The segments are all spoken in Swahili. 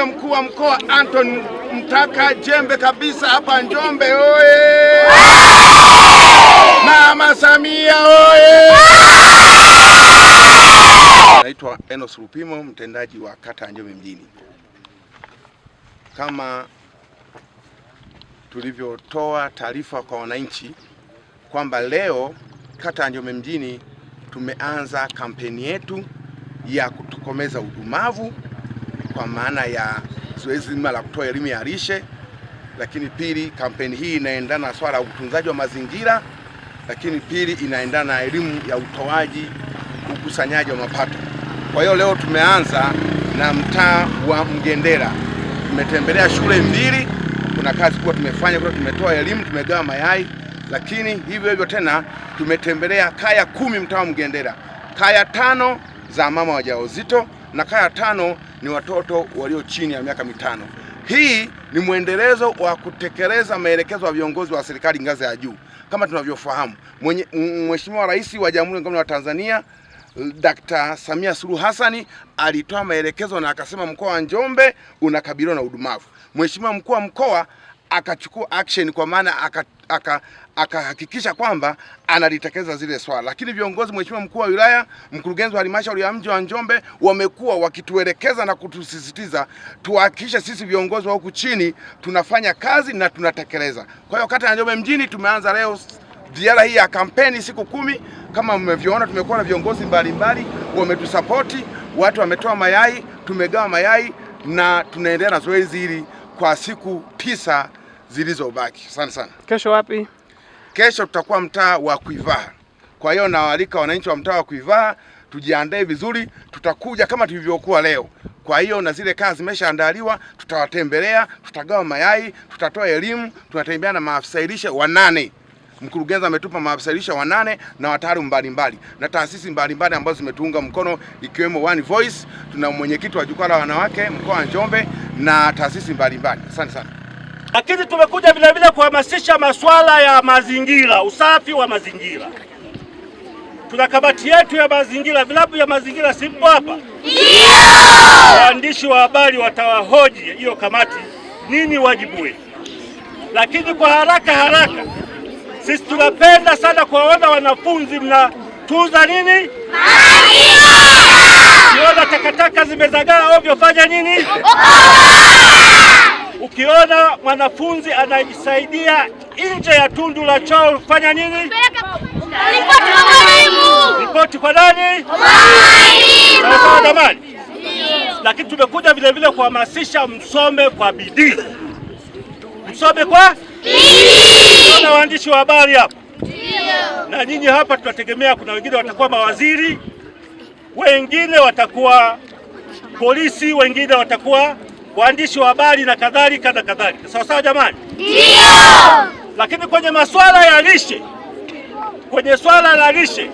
Mheshimiwa mkuu wa mkoa Anton Mtaka, jembe kabisa hapa Njombe oye! Mama Samia oye! Naitwa Enos Rupimo, mtendaji wa kata ya Njombe mjini. Kama tulivyotoa taarifa kwa wananchi kwamba leo kata ya Njombe mjini tumeanza kampeni yetu ya kutokomeza udumavu kwa maana ya zoezi zima la kutoa elimu ya lishe, lakini pili, kampeni hii inaendana na swala ya utunzaji wa mazingira, lakini pili, inaendana na elimu ya utoaji, ukusanyaji wa mapato. Kwa hiyo leo tumeanza na mtaa wa Mgendera, tumetembelea shule mbili. Kuna kazi kubwa tumefanya kwa, tumetoa elimu, tumegawa mayai, lakini hivyo hivyo tena tumetembelea kaya kumi mtaa wa Mgendera, kaya tano za mama wajawazito na kaya tano ni watoto walio chini ya miaka mitano. Hii ni mwendelezo wa kutekeleza maelekezo ya viongozi wa serikali ngazi ya juu. Kama tunavyofahamu, Mheshimiwa Rais wa Jamhuri ya Muungano wa Tanzania Dkt. Samia Suluhu Hassan alitoa maelekezo na akasema mkoa wa Njombe unakabiliwa na udumavu. Mheshimiwa mkuu wa mkoa akachukua action kwa maana akahakikisha aka, kwamba analitekeleza zile swala. Lakini viongozi, mheshimiwa mkuu wa wilaya, mkurugenzi wa halmashauri ya mji wa Njombe, wamekuwa wakituelekeza na kutusisitiza tuhakikishe sisi viongozi wa huku chini tunafanya kazi na tunatekeleza. Kwa hiyo kata ya Njombe mjini tumeanza leo ziara hii ya kampeni siku kumi. Kama mmeviona, tumekuwa na viongozi mbalimbali wametusapoti, watu wametoa mayai, tumegawa mayai na tunaendelea na zoezi hili kwa siku tisa zilizobaki. Asante sana. Kesho wapi? Kesho tutakuwa mtaa wa Kuivaa. Kwa hiyo nawaalika wananchi wa mtaa wa Kuivaa tujiandae vizuri, tutakuja kama tulivyokuwa leo. Kwa hiyo na zile kazi zimeshaandaliwa, tutawatembelea, tutagawa mayai, tutatoa elimu, tunatembea na maafisa lishe wanane. Mkurugenzi ametupa maafisa lishe wanane na wataalamu mbalimbali na taasisi mbalimbali ambazo zimetuunga mkono ikiwemo One Voice, tuna mwenyekiti wa jukwaa la wanawake mkoa wa Njombe na taasisi mbalimbali. Asante sana. Lakini tumekuja vile vile kuhamasisha masuala ya mazingira, usafi wa mazingira. Tuna kamati yetu ya mazingira, vilabu vya mazingira simpo hapa, waandishi wa habari watawahoji hiyo kamati nini wajibu wetu Lakini kwa haraka haraka, sisi tunapenda sana kuwaona wanafunzi mnatuza nini kiona takataka zimezagaa ovyo, fanya nini? Ukiona mwanafunzi anajisaidia nje ya tundu la choo fanya nini? Ripoti kwa nani? jamani, lakini tumekuja vile vile kuhamasisha msome kwa bidii, msome kwa bidii. Na waandishi wa habari hapa na nyinyi hapa, tunategemea kuna wengine watakuwa mawaziri, wengine watakuwa polisi, wengine watakuwa waandishi wa habari na kadhalika na kadhalika. Sawa sawa jamani? Ndio. Lakini kwenye masuala ya lishe, kwenye swala la lishe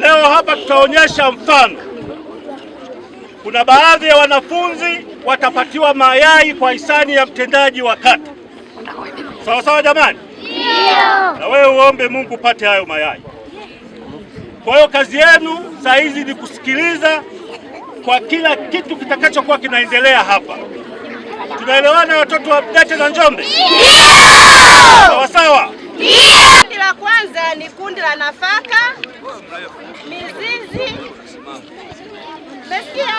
leo hapa tutaonyesha mfano. Kuna baadhi ya wanafunzi watapatiwa mayai kwa hisani ya mtendaji wa kata. Sawa sawa jamani? Ndio. Na wewe uombe Mungu upate hayo mayai. Kwa hiyo kazi yenu saa hizi ni kusikiliza kwa kila kitu kitakachokuwa kinaendelea hapa. Tunaelewana watoto wa date na Njombe? Sawa sawa. Kundi la kwanza ni kundi la nafaka, mizizi. Umesikia?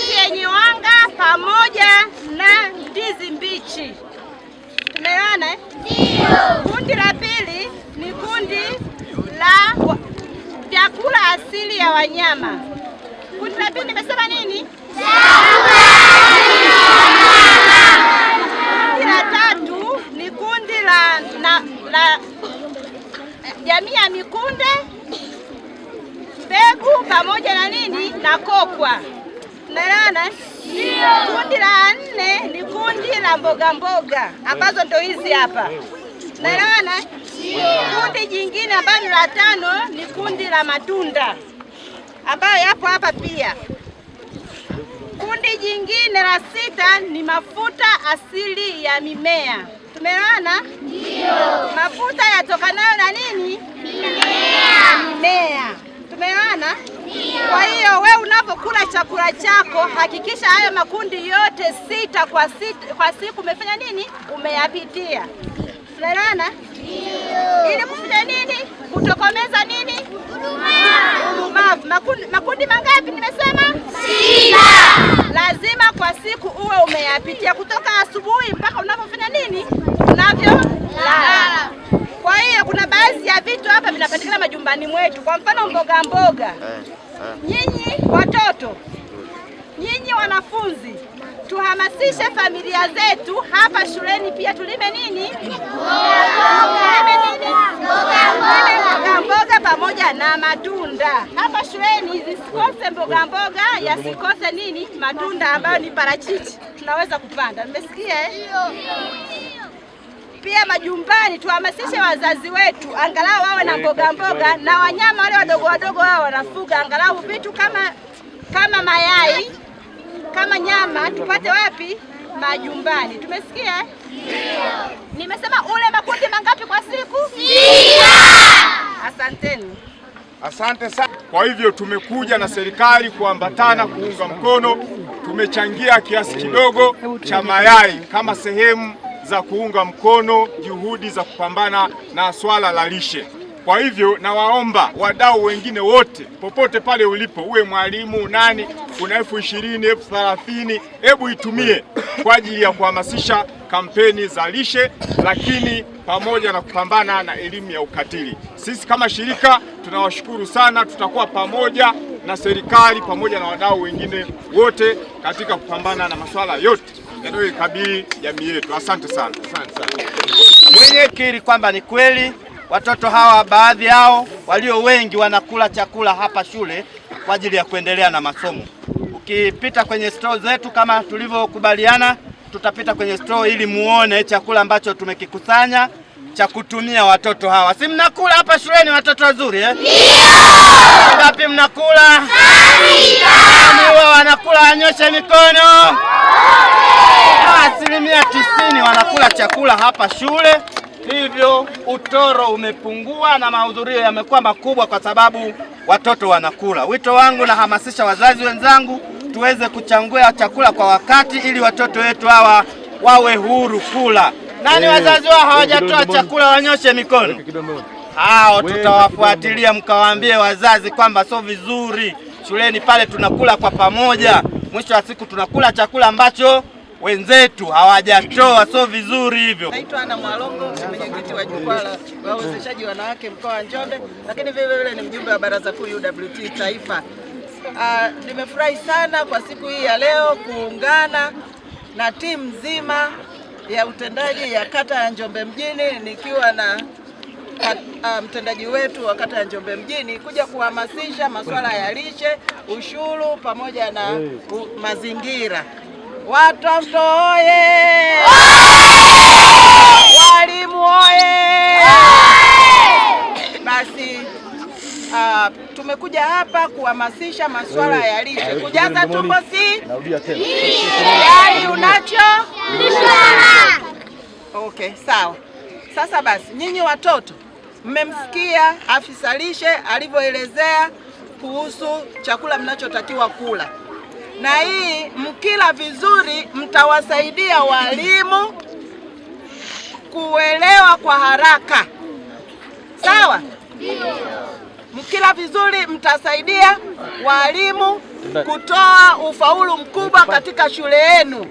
Kundi yenye wanga pamoja na ndizi mbichi. Tunaelewana eh? Kundi la pili ni kundi la asili ya wanyama. Kundi la pili nimesema nini? Kundi la tatu ni kundi la, la jamii ya mikunde, mbegu pamoja na nini na kokwa. Unaelewana? Kundi la nne ni kundi la mboga mboga ambazo ndo hizi hapa. Unaelewana? Kundi jingine ambalo la tano ni kundi la matunda ambayo yapo hapa pia. Kundi jingine la sita ni mafuta asili ya mimea. Tumeona mafuta yatokanayo na nini? Mimea, mimea. Tumeona Kwa hiyo we unapokula chakula chako hakikisha hayo makundi yote sita kwa, sita, kwa siku umefanya nini? Umeyapitia. Tumeona Ili kufanya nini? kutokomeza nini? Makundi, makundi mangapi nimesema? Sita. Lazima kwa siku uwe umeyapitia kutoka asubuhi mpaka unavyofanya nini, unavyo unavyolala. Kwa hiyo kuna baadhi ya vitu hapa vinapatikana majumbani mwetu, kwa mfano mboga mboga. Eh, eh. Nyinyi watoto, nyinyi wanafunzi, tuhamasishe familia zetu hapa shuleni pia tulime nini na matunda hapa shuleni, zisikose mboga mboga, yasikose nini, matunda ambayo ni parachichi tunaweza kupanda. Nimesikia eh? Pia majumbani tuhamasishe wazazi wetu angalau wawe na mboga mboga na wanyama wale wadogo wadogo wao wanafuga, angalau vitu kama kama mayai kama nyama tupate wapi? Majumbani. Tumesikia eh? Nimesema ule makundi mangapi kwa siku? Sita. Asanteni. Asante sana. Kwa hivyo tumekuja na serikali kuambatana kuunga mkono, tumechangia kiasi kidogo cha mayai kama sehemu za kuunga mkono juhudi za kupambana na swala la lishe. Kwa hivyo nawaomba wadau wengine wote, popote pale ulipo, uwe mwalimu nani, una elfu ishirini elfu thelathini hebu itumie kwa ajili ya kuhamasisha kampeni za lishe, lakini pamoja na kupambana na elimu ya ukatili. Sisi kama shirika tunawashukuru sana, tutakuwa pamoja na serikali pamoja na wadau wengine wote katika kupambana na masuala yote yanayoikabili jamii yetu. Asante sana, asante sana. Mwenye kiri kwamba ni kweli watoto hawa baadhi yao walio wengi wanakula chakula hapa shule kwa ajili ya kuendelea na masomo. Ukipita kwenye stoo zetu kama tulivyokubaliana tutapita kwenye store ili muone chakula ambacho tumekikusanya cha kutumia watoto hawa. Si mnakula hapa shuleni watoto wazuri eh? Ndio. Ngapi mnakula? Yaani huwa wanakula wanyoshe mikono. Asilimia tisini wanakula chakula hapa shule, hivyo utoro umepungua na mahudhurio yamekuwa makubwa kwa sababu watoto wanakula. Wito wangu nahamasisha wazazi wenzangu tuweze kuchangua chakula kwa wakati ili watoto wetu hawa wawe huru kula. Nani eh, wazazi wao hawajatoa chakula wanyoshe mikono? Hao tutawafuatilia mkawaambie wazazi kwamba sio vizuri shuleni pale, tunakula kwa pamoja, mwisho wa siku tunakula chakula ambacho wenzetu hawajatoa, sio vizuri hivyo. Naitwa Ana Mwalongo, mwenyekiti wa jukwaa la wawezeshaji wanawake mkoa wa Njombe, lakini vile vile ni mjumbe wa baraza kuu UWT taifa. Uh, nimefurahi sana kwa siku hii ya leo kuungana na timu nzima ya utendaji ya kata ya Njombe mjini nikiwa na uh, mtendaji wetu wa kata ya Njombe mjini kuja kuhamasisha masuala ya lishe, ushuru pamoja na u, mazingira. Watoto oye! Walimu oye! Basi Uh, tumekuja hapa kuhamasisha masuala ya lishe, kujaza tumbo si yaani unacho okay, sawa. Sasa basi, nyinyi watoto mmemsikia afisa lishe alivyoelezea kuhusu chakula mnachotakiwa kula, na hii mkila vizuri mtawasaidia walimu kuelewa kwa haraka, sawa? Mkila vizuri mtasaidia walimu kutoa ufaulu mkubwa katika shule yenu,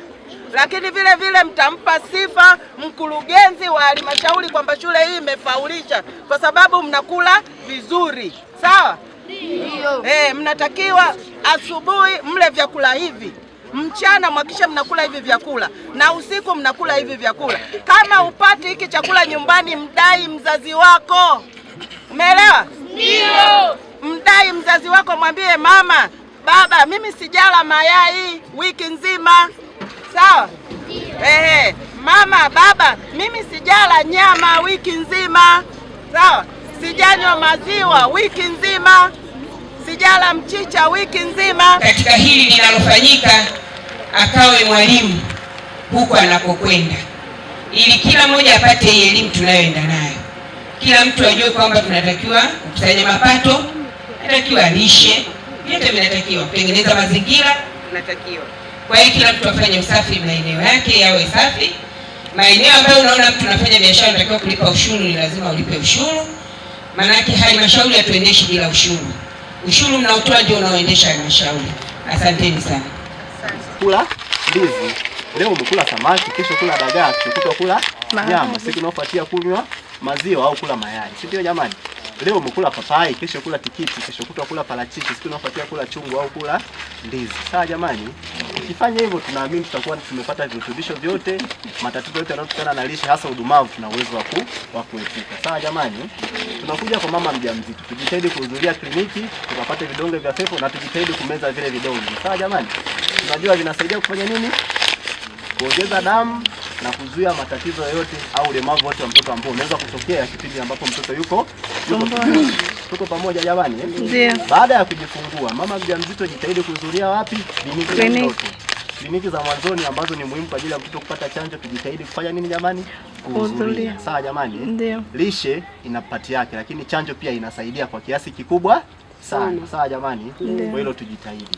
lakini vile vile mtampa sifa mkurugenzi wa halmashauri kwamba shule hii imefaulisha kwa sababu mnakula vizuri. Sawa? Ndio. Eh, mnatakiwa asubuhi mle vyakula hivi mchana mwakisha mnakula hivi vyakula na usiku mnakula hivi vyakula. Kama upati hiki chakula nyumbani, mdai mzazi wako. Umeelewa? Ndio. Mdai mzazi wako, mwambie mama, baba, mimi sijala mayai wiki nzima, sawa? Ehe, mama, baba, mimi sijala nyama wiki nzima, sawa? Sijanywa maziwa wiki nzima, sijala mchicha wiki nzima. Katika hili linalofanyika, akawe mwalimu huko anakokwenda, ili kila mmoja apate hii elimu tunayoenda nayo kila mtu ajue kwamba tunatakiwa kukusanya mapato, natakiwa lishe, vyote vinatakiwa kutengeneza mazingira, natakiwa. Kwa hiyo kila mtu afanye usafi maeneo yake yawe safi. Maeneo ambayo unaona mtu anafanya biashara anatakiwa kulipa ushuru, ni lazima ulipe ushuru, maanake halmashauri hatuendeshi bila ushuru. Ushuru mnaotoa ndio unaoendesha halmashauri. Asanteni sana. Kula ndizi. Leo umekula samaki, kesho kula dagaa, kesho kula nyama, siku inayofuatia kunywa maziwa au kula mayai, si ndio jamani? Leo umekula papai, kesho kula tikiti, kesho kutwa kula parachichi, siku inayofuatia kula chungwa au kula ndizi. Sawa jamani? Ukifanya hivyo, tunaamini tutakuwa tumepata virutubisho vyote, matatizo yote yanayotokana na lishe hasa udumavu tuna uwezo wa ku wa kuepuka. Sawa jamani? Tunakuja kwa mama mjamzito, tujitahidi kuhudhuria kliniki tukapate vidonge vya pepo na tujitahidi kumeza vile vidonge. Sawa jamani? Tunajua vinasaidia kufanya nini? kuongeza damu na kuzuia matatizo yoyote au ulemavu wote wa mtoto ambao unaweza kutokea kipindi ambapo mtoto yuko yuko tuko pamoja jamani. Eh? Ndio. Baada ya kujifungua, mama mjamzito jitahidi kuhudhuria wapi? Kliniki. Kliniki za mwanzoni ambazo ni muhimu kwa ajili ya mtoto kupata chanjo, tujitahidi kufanya nini jamani? Kuhudhuria. Sawa jamani? Eh? Ndio. Lishe ina pati yake, lakini chanjo pia inasaidia kwa kiasi kikubwa sana. Sawa jamani? Kwa hilo tujitahidi.